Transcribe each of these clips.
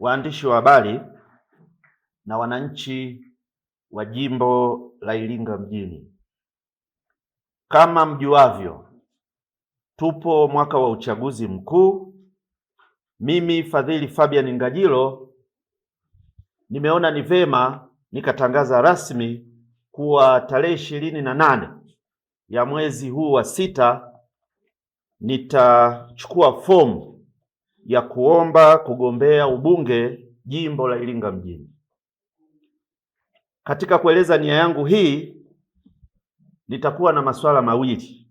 waandishi wa habari na wananchi wa jimbo la Iringa mjini. Kama mjuavyo, tupo mwaka wa uchaguzi mkuu. Mimi Fadhili Fabian Ngajilo nimeona ni vema nikatangaza rasmi kuwa tarehe ishirini na nane ya mwezi huu wa sita nitachukua fomu ya kuomba kugombea ubunge jimbo la Iringa mjini. Katika kueleza nia yangu hii, nitakuwa na masuala mawili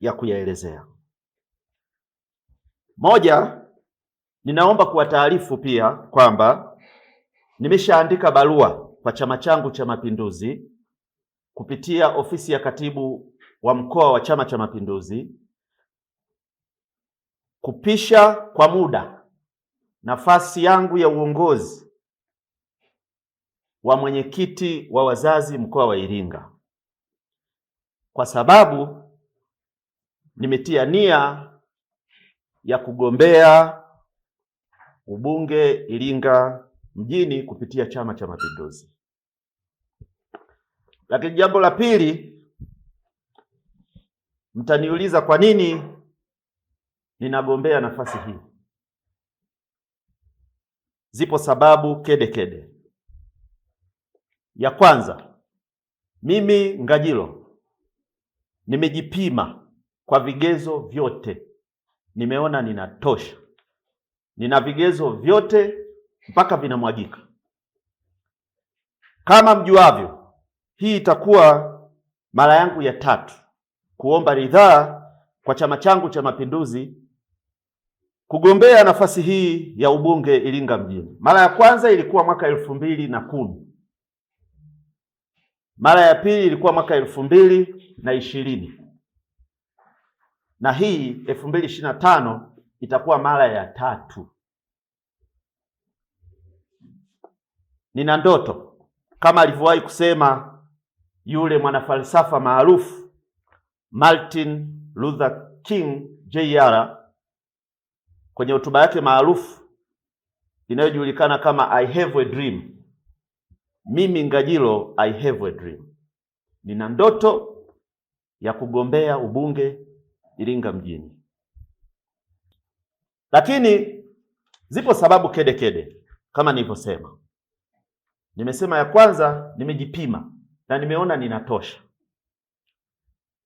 ya kuyaelezea. Moja, ninaomba kuwataarifu pia kwamba nimeshaandika barua kwa chama changu cha Mapinduzi kupitia ofisi ya katibu wa mkoa wa Chama cha Mapinduzi kupisha kwa muda nafasi yangu ya uongozi wa mwenyekiti wa wazazi mkoa wa Iringa kwa sababu nimetia nia ya kugombea ubunge Iringa mjini kupitia Chama cha Mapinduzi. Lakini jambo la pili, mtaniuliza kwa nini ninagombea nafasi hii. Zipo sababu kede kede. Ya kwanza, mimi Ngajilo nimejipima kwa vigezo vyote, nimeona ninatosha, nina vigezo vyote mpaka vinamwagika. Kama mjuavyo, hii itakuwa mara yangu ya tatu kuomba ridhaa kwa chama changu cha Mapinduzi kugombea nafasi hii ya ubunge Iringa mjini. Mara ya kwanza ilikuwa mwaka elfu mbili na kumi. Mara ya pili ilikuwa mwaka elfu mbili na ishirini na hii elfu mbili ishirini na tano itakuwa mara ya tatu. Nina ndoto kama alivyowahi kusema yule mwanafalsafa maarufu Martin Luther King Jr kwenye hotuba yake maarufu inayojulikana kama I have a dream. Mimi Ngajilo I have a dream, nina ndoto ya kugombea ubunge Iringa mjini. Lakini zipo sababu kede kede kama nilivyosema. Nimesema ya kwanza, nimejipima na nimeona ninatosha.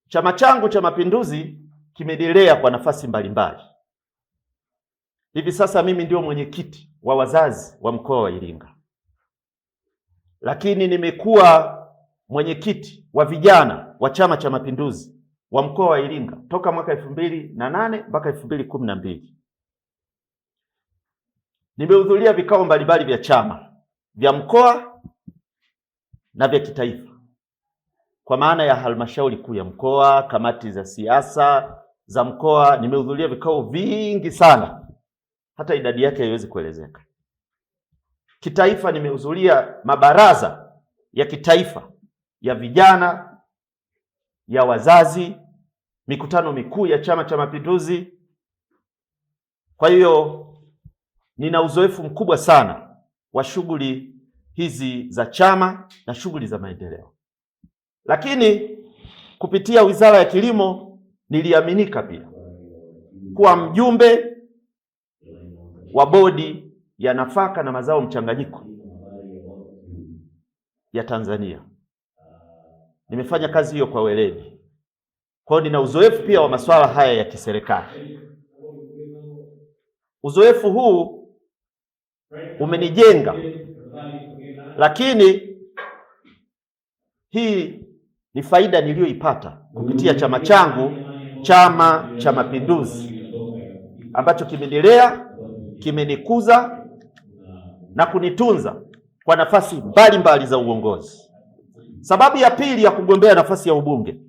Chama changu cha Mapinduzi kimedelea kwa nafasi mbalimbali Hivi sasa mimi ndio mwenyekiti wa wazazi wa mkoa wa Iringa, lakini nimekuwa mwenyekiti wa vijana wa Chama cha Mapinduzi wa mkoa wa Iringa toka mwaka elfu mbili na nane mpaka elfu mbili kumi na mbili. Nimehudhuria vikao mbalimbali vya chama vya mkoa na vya kitaifa kwa maana ya halmashauri kuu ya mkoa, kamati za siasa za mkoa. Nimehudhuria vikao vingi sana hata idadi yake haiwezi kuelezeka. Kitaifa nimehudhuria mabaraza ya kitaifa ya vijana, ya wazazi, mikutano mikuu ya Chama cha Mapinduzi. Kwa hiyo nina uzoefu mkubwa sana wa shughuli hizi za chama na shughuli za maendeleo, lakini kupitia Wizara ya Kilimo niliaminika pia kuwa mjumbe wa bodi ya nafaka na mazao mchanganyiko ya Tanzania. Nimefanya kazi hiyo kwa weledi, kwa hiyo nina uzoefu pia wa masuala haya ya kiserikali. Uzoefu huu umenijenga, lakini hii ni faida niliyoipata kupitia chama changu, Chama cha Mapinduzi, ambacho kimenilea kimenikuza na kunitunza kwa nafasi mbalimbali za uongozi. Sababu ya pili ya kugombea nafasi ya ubunge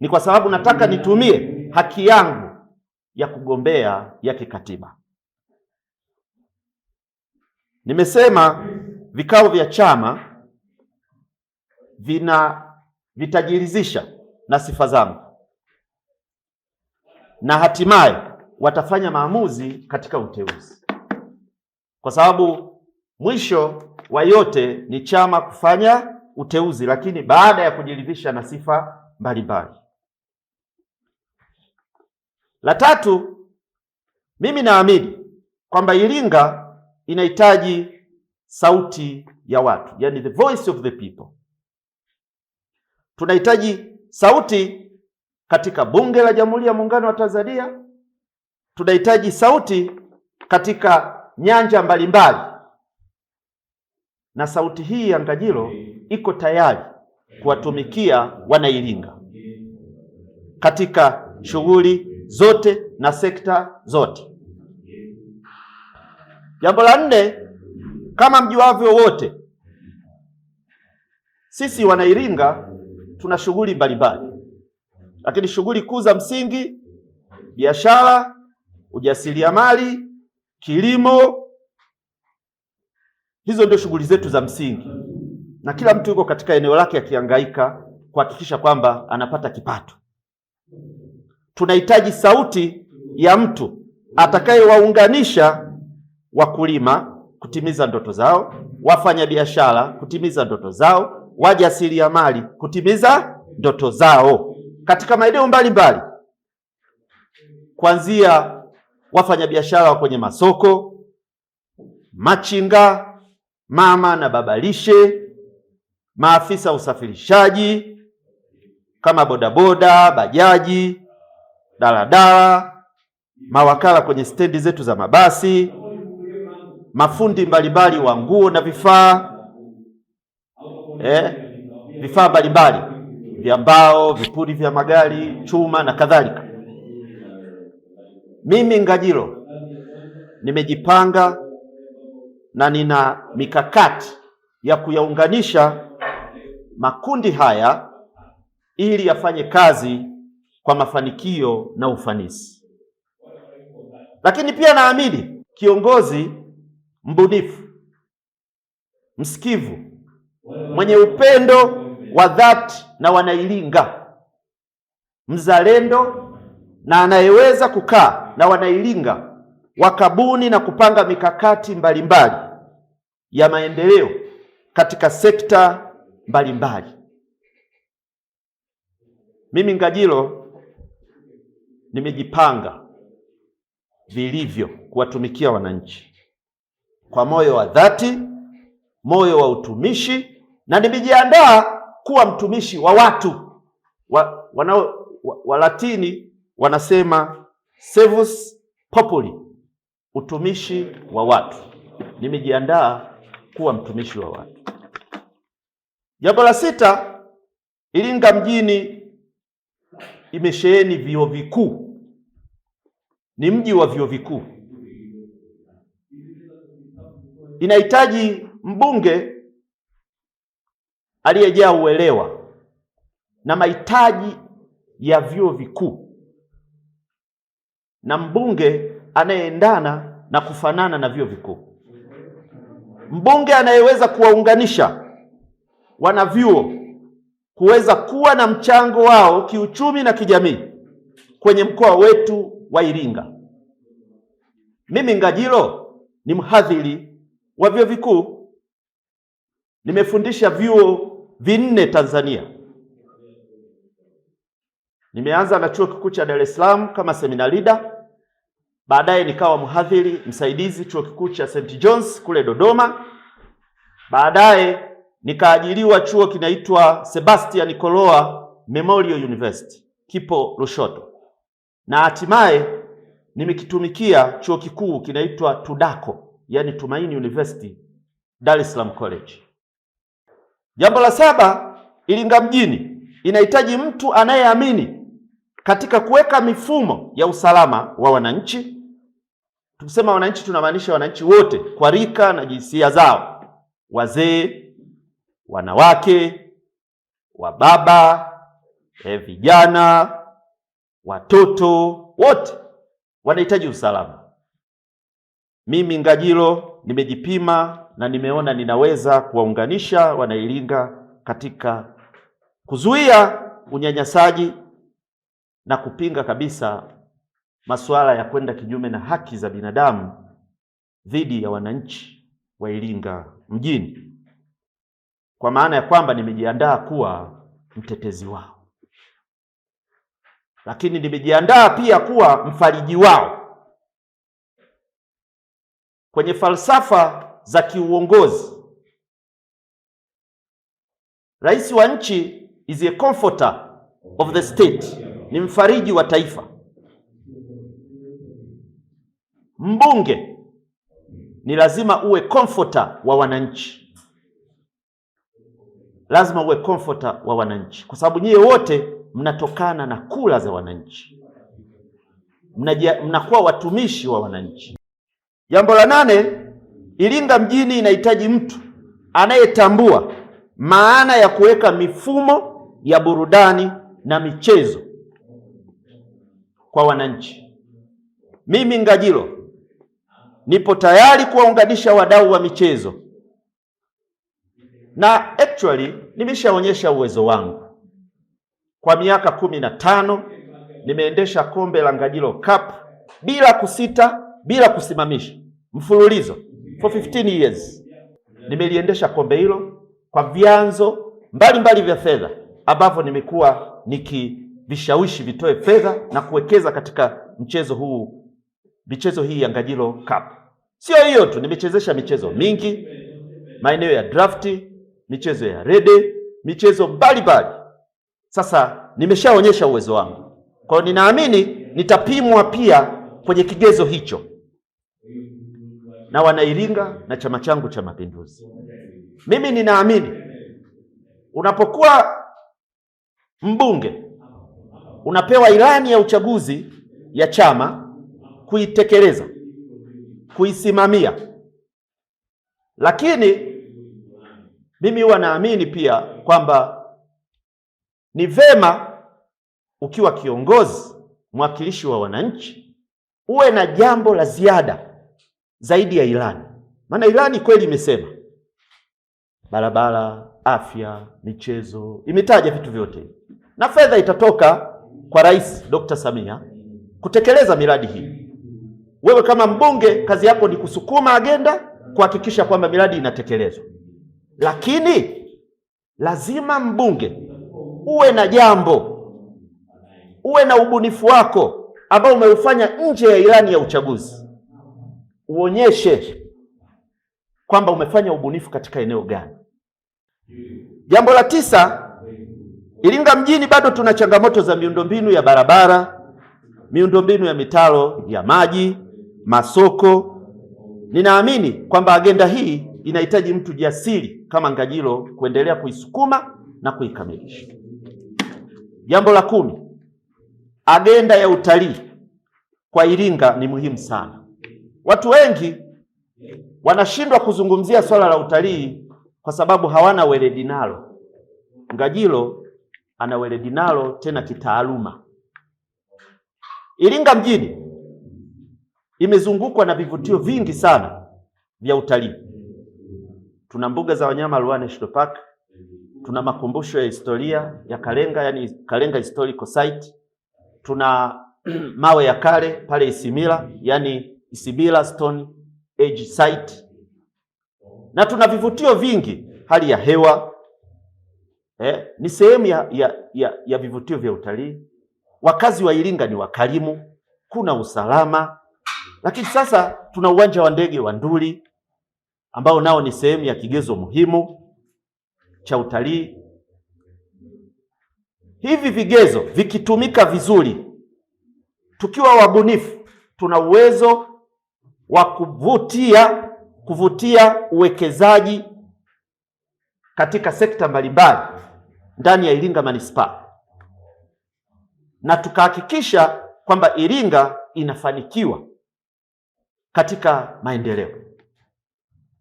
ni kwa sababu nataka nitumie haki yangu ya kugombea ya kikatiba. Nimesema vikao vya chama vina vitajiridhisha na sifa zangu na hatimaye watafanya maamuzi katika uteuzi, kwa sababu mwisho wa yote ni chama kufanya uteuzi, lakini baada ya kujiridhisha na sifa mbalimbali. La tatu, mimi naamini kwamba Iringa inahitaji sauti ya watu, yani the voice of the people. Tunahitaji sauti katika Bunge la Jamhuri ya Muungano wa Tanzania tunahitaji sauti katika nyanja mbalimbali mbali. Na sauti hii ya Ngajilo iko tayari kuwatumikia Wanairinga katika shughuli zote na sekta zote. Jambo la nne, kama mjuavyo wote, sisi Wanairinga tuna shughuli mbalimbali, lakini shughuli kuu za msingi biashara ujasiriamali, kilimo. Hizo ndio shughuli zetu za msingi, na kila mtu yuko katika eneo lake akihangaika kuhakikisha kwamba anapata kipato. Tunahitaji sauti ya mtu atakayewaunganisha wakulima kutimiza ndoto zao, wafanyabiashara kutimiza ndoto zao, wajasiriamali kutimiza ndoto zao katika maeneo mbalimbali kuanzia wafanyabiashara wa kwenye masoko, machinga, mama na baba lishe, maafisa usafirishaji kama bodaboda, bajaji, daladala, mawakala kwenye stendi zetu za mabasi, mafundi mbalimbali wa nguo na vifaa eh, vifaa mbalimbali vya mbao, vipuri vya magari, chuma na kadhalika. Mimi Ngajilo nimejipanga na nina mikakati ya kuyaunganisha makundi haya ili yafanye kazi kwa mafanikio na ufanisi. Lakini pia naamini kiongozi mbunifu, msikivu, mwenye upendo wa dhati na Wanailinga, mzalendo na anayeweza kukaa na wanailinga wakabuni na kupanga mikakati mbalimbali mbali ya maendeleo katika sekta mbalimbali mbali. Mimi Ngajilo nimejipanga vilivyo kuwatumikia wananchi kwa moyo wa dhati, moyo wa utumishi, na nimejiandaa kuwa mtumishi wa watu wa, wanao Latini wanasema servus populi, utumishi wa watu. Nimejiandaa kuwa mtumishi wa watu. Jambo la sita, Iringa mjini imesheheni vyuo vikuu, ni mji wa vyuo vikuu. Inahitaji mbunge aliyejaa uelewa na mahitaji ya vyuo vikuu na mbunge anayeendana na kufanana na vyuo vikuu. Mbunge anayeweza kuwaunganisha wanavyuo kuweza kuwa na mchango wao kiuchumi na kijamii kwenye mkoa wetu wa Iringa. Mimi Ngajilo ni mhadhiri wa vyuo vikuu, nimefundisha vyuo vinne Tanzania. Nimeanza na chuo kikuu cha Dar es Salaam kama seminar leader baadaye nikawa mhadhiri msaidizi chuo kikuu cha St. John's kule Dodoma. Baadaye nikaajiriwa chuo kinaitwa Sebastian Koloa Memorial University kipo Lushoto, na hatimaye nimekitumikia chuo kikuu kinaitwa Tudako, yani Tumaini University Dar es Salaam College. Jambo la saba, Iringa mjini inahitaji mtu anayeamini katika kuweka mifumo ya usalama wa wananchi Tukisema wananchi tunamaanisha wananchi wote kwa rika na jinsia zao, wazee, wanawake, wababa, e, vijana, watoto, wote wanahitaji usalama. Mimi Ngajilo nimejipima na nimeona ninaweza kuwaunganisha Wanairinga katika kuzuia unyanyasaji na kupinga kabisa masuala ya kwenda kinyume na haki za binadamu dhidi ya wananchi wa Iringa mjini, kwa maana ya kwamba nimejiandaa kuwa mtetezi wao, lakini nimejiandaa pia kuwa mfariji wao kwenye falsafa za kiuongozi. Rais wa nchi is a comforter of the state, ni mfariji wa taifa. Mbunge ni lazima uwe comforter wa wananchi, lazima uwe comforter wa wananchi, kwa sababu nyie wote mnatokana na kula za wananchi, mnakuwa watumishi wa wananchi. Jambo la nane, Iringa mjini inahitaji mtu anayetambua maana ya kuweka mifumo ya burudani na michezo kwa wananchi. Mimi Ngajilo nipo tayari kuwaunganisha wadau wa michezo na actually nimeshaonyesha uwezo wangu. Kwa miaka kumi na tano nimeendesha kombe la Ngajilo Cup bila kusita, bila kusimamisha, mfululizo for 15 years. Nimeliendesha kombe hilo kwa vyanzo mbalimbali vya fedha ambavyo nimekuwa nikivishawishi vitoe fedha na kuwekeza katika mchezo huu michezo hii ya Ngajilo Cup. Sio hiyo tu, nimechezesha michezo mingi, maeneo ya drafti, michezo ya rede, michezo mbalimbali. Sasa nimeshaonyesha uwezo wangu, kwa hiyo ninaamini nitapimwa pia kwenye kigezo hicho na Wanairinga na chama changu cha Mapinduzi. Mimi ninaamini unapokuwa mbunge unapewa ilani ya uchaguzi ya chama kuitekeleza, kuisimamia. Lakini mimi huwa naamini pia kwamba ni vema ukiwa kiongozi, mwakilishi wa wananchi, uwe na jambo la ziada zaidi ya ilani. Maana ilani kweli imesema barabara, afya, michezo, imetaja vitu vyote, na fedha itatoka kwa Rais Dr. Samia kutekeleza miradi hii. Wewe kama mbunge, kazi yako ni kusukuma agenda, kuhakikisha kwamba miradi inatekelezwa, lakini lazima mbunge uwe na jambo, uwe na ubunifu wako ambao umeufanya nje ya ilani ya uchaguzi, uonyeshe kwamba umefanya ubunifu katika eneo gani. Jambo la tisa, Iringa mjini bado tuna changamoto za miundombinu ya barabara, miundombinu ya mitaro ya maji masoko. Ninaamini kwamba agenda hii inahitaji mtu jasiri kama Ngajilo kuendelea kuisukuma na kuikamilisha. Jambo la kumi, agenda ya utalii kwa Iringa ni muhimu sana. Watu wengi wanashindwa kuzungumzia swala la utalii kwa sababu hawana weledi nalo. Ngajilo ana weledi nalo tena kitaaluma. Iringa mjini imezungukwa na vivutio vingi sana vya utalii. Tuna mbuga za wanyama Ruaha National Park, tuna makumbusho ya historia ya Kalenga, yani Kalenga Historical Site, tuna mawe ya kale pale Isimila, yani Isimila Stone Age Site, na tuna vivutio vingi. Hali ya hewa eh, ni sehemu ya, ya, ya, ya vivutio vya utalii. Wakazi wa Iringa ni wakarimu, kuna usalama lakini sasa tuna uwanja wa ndege wa Nduli ambao nao ni sehemu ya kigezo muhimu cha utalii. Hivi vigezo vikitumika vizuri, tukiwa wabunifu, tuna uwezo wa kuvutia kuvutia uwekezaji katika sekta mbalimbali ndani ya Iringa Manispaa na tukahakikisha kwamba Iringa inafanikiwa katika maendeleo.